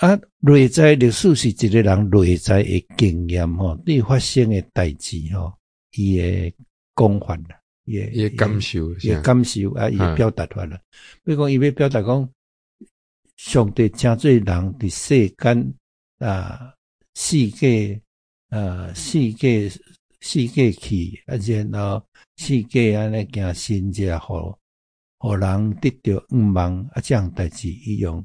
啊，內在歷史是一個人內在嘅經驗吼，對、喔、發生嘅代誌吼，伊嘅講法啦，伊嘅伊嘅感受，伊嘅他的感受麼的啊，伊嘅表達出來。比如講，伊要表達講，上帝請做人佇世間啊，世界啊，世界世界去，啊，然後世界安尼行，神只和互人得到唔望啊，這樣代志一樣。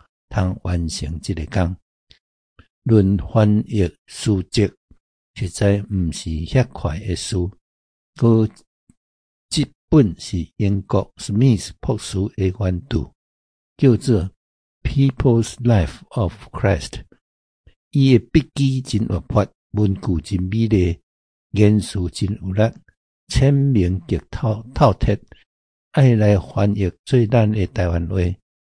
通完成這個工，論翻譯書籍實在毋是遐快嘅事。閣即本是英國 Smith 博士嘅原著，叫做《People's Life of Christ》。伊嘅筆記真活潑，文句真美麗，言辭真有力，簽名極透透徹。愛來翻譯最難嘅台灣話。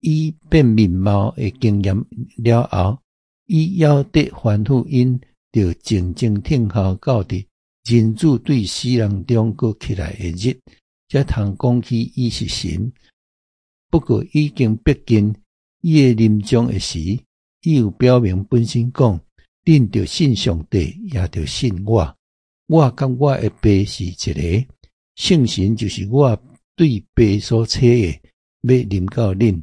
伊變面貌嘅經驗了後，伊要得還復因，就靜靜聽候，到佇人子對死人中閣起來嘅日，則通講起伊是神。不過已經迫近，伊嘅臨終嘅時，伊有表明本身講，恁着信上帝，也着信我，我甲我嘅爸是一個，聖神就是我對爸所切嘅，要臨到恁。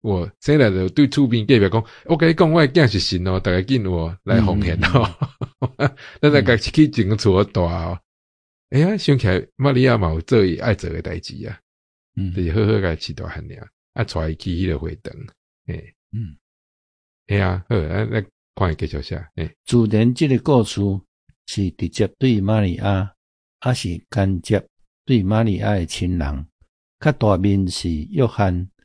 我生來著對厝邊隔壁講，我甲伊講我誒囝是神哦、喔、逐個見我來奉獻咯，但係佢真係厝誒住哦。哎、嗯、呀，想起來瑪利亞嘛，有做伊愛做誒代志啊，嗯，著是好好甲伊飼大漢爾啊，帶伊去迄個花燈，誒、欸，嗯，會、欸、啊，好，嗯嗯、好咱看伊繼續寫。誒、欸，自然即個故事是直接對瑪利亞，還、啊、是間接對瑪利亞誒親人？較大面是約翰。